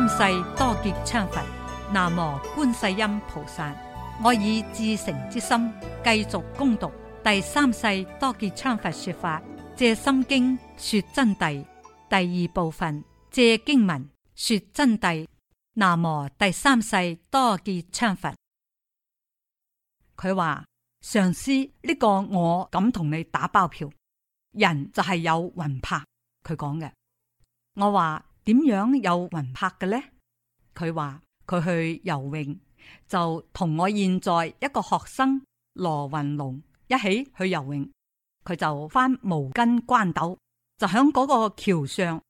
三世多杰羌佛，南無觀世音菩薩。我以至誠之心，繼續攻讀第三世多杰羌佛說法《藉心經》說真諦第二部分《藉經文說真諦》，南無第三世多杰羌佛。佢話：上師呢個，我敢同你打包票，人就係有魂魄。佢講嘅，我話。點樣有魂魄嘅呢？佢話佢去游泳，就同我現在一個學生羅雲龍一起去游泳。佢就翻毛巾關斗，就響嗰個橋上。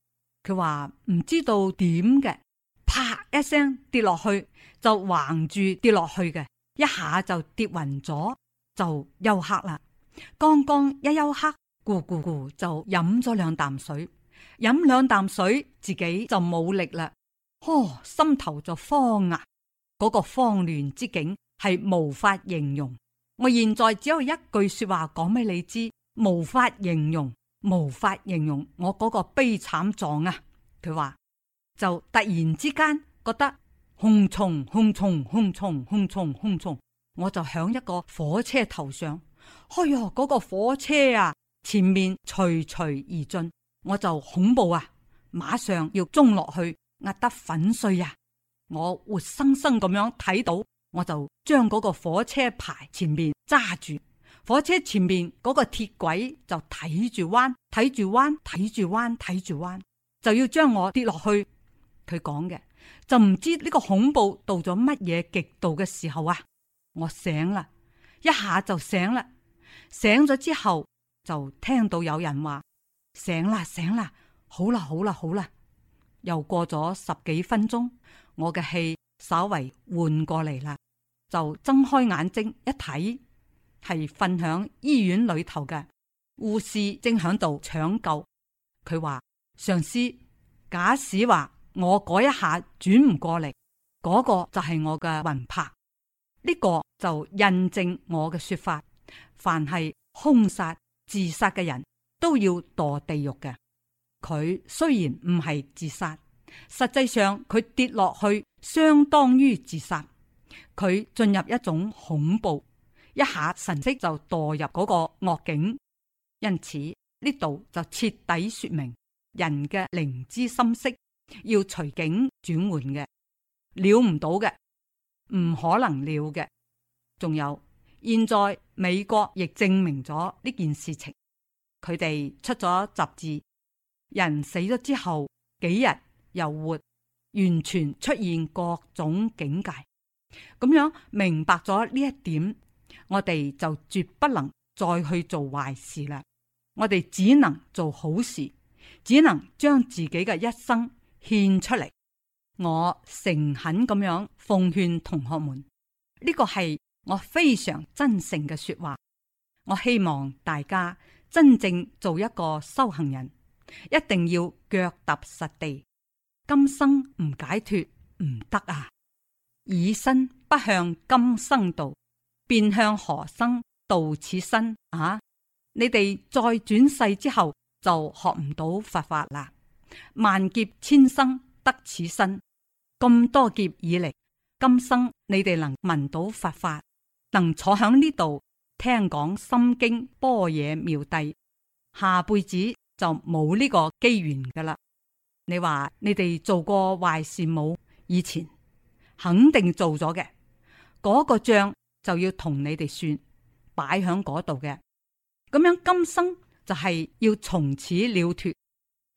佢話唔知道點嘅，啪一聲跌落去，就橫住跌落去嘅，一下就跌暈咗，就休克啦。剛剛一休克，咕咕咕就飲咗兩啖水。飲兩啖水，自己就冇力啦。呵，心頭就慌啊！嗰個慌亂之境係無法形容。我現在只有一句說話講俾你知，無法形容，無法形容我嗰個悲慘狀啊！佢話就突然之間覺得空沖空沖空沖空沖空沖，我就響一個火車頭上。哎呀，嗰個火車啊，前面徐徐而進。我就恐怖啊！馬上要中落去，壓得粉碎呀、啊！我活生生咁樣睇到，我就將嗰個火車牌前面揸住，火車前面嗰個鐵軌就睇住彎，睇住彎，睇住彎，睇住彎，彎，就要將我跌落去。佢講嘅就唔知呢個恐怖到咗乜嘢極度嘅時候啊！我醒啦，一下就醒啦，醒咗之後就聽到有人話。醒啦，醒啦，好啦，好啦，好啦，又過咗十幾分鐘，我嘅氣稍為換過嚟啦，就睜開眼睛一睇，係瞓響醫院裏頭嘅護士正響度搶救。佢話上司，假使話我嗰一下轉唔過嚟，嗰、那個就係我嘅魂魄，呢、這個就印證我嘅說法。凡係凶殺、自殺嘅人。都要墮地獄嘅。佢雖然唔係自殺，實際上佢跌落去相當於自殺。佢進入一種恐怖，一下神識，就墮入嗰個惡境。因此呢度就徹底說明人嘅靈知心識要隨境轉換嘅，了唔到嘅，唔可能了嘅。仲有，現在美國亦證明咗呢件事情。佢哋出咗雜誌，人死咗之後幾日又活，完全出現各種境界。咁樣明白咗呢一點，我哋就絕不能再去做壞事啦。我哋只能做好事，只能將自己嘅一生獻出嚟。我誠懇咁樣奉勸同學們，呢個係我非常真誠嘅說話。我希望大家。真正做一個修行人，一定要腳踏實地。今生唔解脫唔得啊！以身不向今生道，便向何生道此身啊？你哋再轉世之後就學唔到佛法啦。萬劫千生得此身，咁多劫以嚟，今生你哋能聞到佛法，能坐喺呢度。聽講《心經》，般若妙諦，下輩子就冇呢個機緣噶啦。你話你哋做過壞事冇？以前肯定做咗嘅，嗰、那個賬就要同你哋算，擺喺嗰度嘅。咁樣今生就係要從此了脫，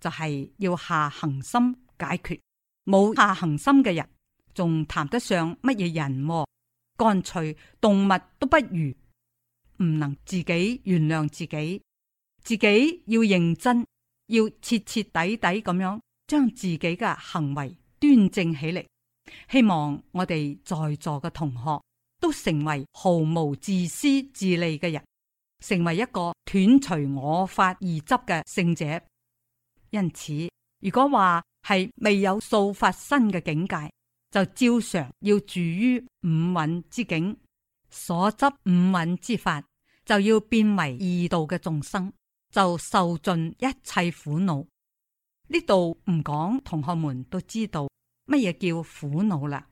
就係、是、要下恆心解決。冇下恆心嘅人，仲談得上乜嘢人、哦？乾脆動物都不如。唔能自己原諒自己，自己要認真，要徹徹底底咁樣將自己嘅行為端正起嚟。希望我哋在座嘅同學都成為毫無自私自利嘅人，成為一個斷除我法而執嘅聖者。因此，如果話係未有素法身嘅境界，就照常要住於五蘊之境。所執五蘊之法，就要變為二道嘅眾生，就受盡一切苦惱。呢度唔講，同學們都知道乜嘢叫苦惱啦。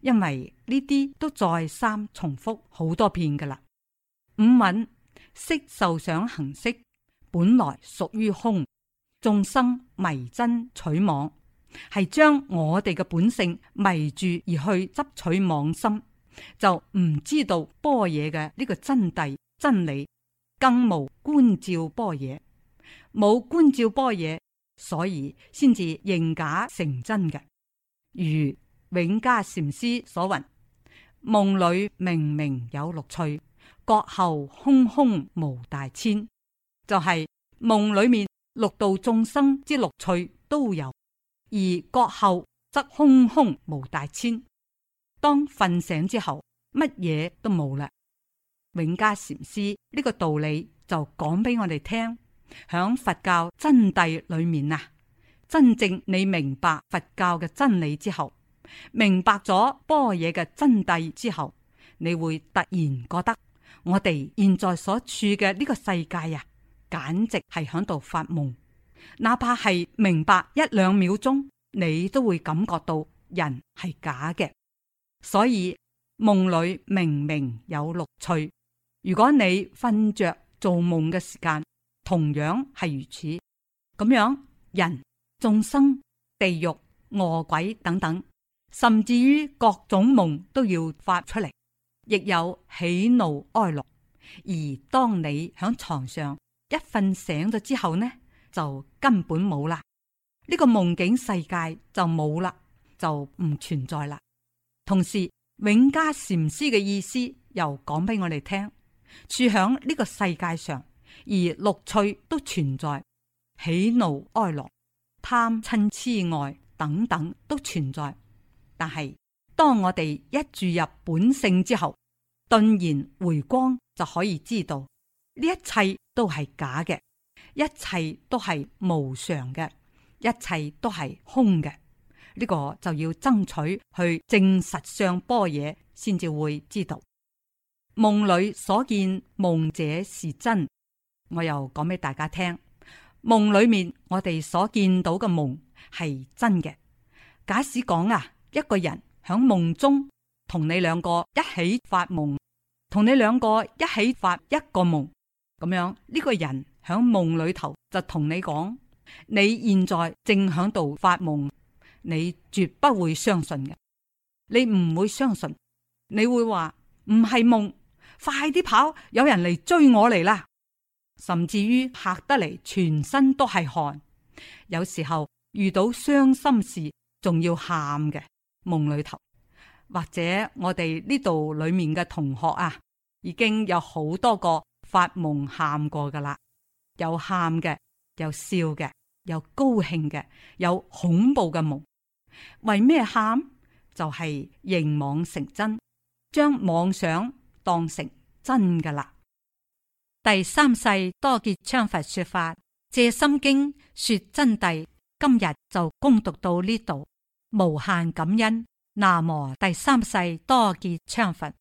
因為呢啲都再三重複好多遍噶啦。五蘊色受想行識本來屬於空，眾生迷真取妄，係將我哋嘅本性迷住而去執取妄心。就唔知道般若嘅呢個真諦真理，更無觀照般若，冇觀照般若，所以先至認假成真嘅。如永嘉禪師所云：夢裏明明有六趣，覺後空空無大千。就係、是、夢裏面六道眾生之六趣都有，而覺後則空空無大千。當瞓醒之後，乜嘢都冇啦。永嘉禪師呢個道理就講俾我哋聽，響佛教真諦裏面啊，真正你明白佛教嘅真理之後，明白咗般若嘅真諦之後，你會突然覺得我哋現在所處嘅呢個世界呀、啊，簡直係喺度發夢。哪怕係明白一兩秒鐘，你都會感覺到人係假嘅。所以夢裏明明有六趣，如果你瞓着做夢嘅時間，同樣係如此咁樣，人、眾生、地獄、餓鬼等等，甚至於各種夢都要發出嚟，亦有喜怒哀樂。而當你響床上一瞓醒咗之後呢，就根本冇啦，呢、這個夢境世界就冇啦，就唔存在啦。同時，永嘉禪師嘅意思又講俾我哋聽：住響呢個世界上，而六趣都存在，喜怒哀樂、貪嗔痴愛等等都存在。但係當我哋一注入本性之後，頓然回光就可以知道，呢一切都係假嘅，一切都係無常嘅，一切都係空嘅。呢個就要爭取去證實上般若，先至會知道夢裏所見夢者是真。我又講俾大家聽，夢裏面我哋所見到嘅夢係真嘅。假使講啊，一個人響夢中同你兩個一起發夢，同你兩個一起發一個夢咁樣，呢個人響夢裏頭就同你講，你現在正響度發夢。你絕不會相信嘅，你唔會相信，你會話唔係夢，快啲跑，有人嚟追我嚟啦！甚至於嚇得嚟全身都係汗，有時候遇到傷心事仲要喊嘅夢裏頭，或者我哋呢度裏面嘅同學啊，已經有好多個發夢喊過㗎喇，有喊嘅，有笑嘅，有高興嘅，有恐怖嘅夢。為咩喊？就係、是、凝妄成真，將妄想當成真噶啦。第三世多杰羌佛說法，借心經說真諦。今日就恭讀到呢度，無限感恩。南無第三世多杰羌佛。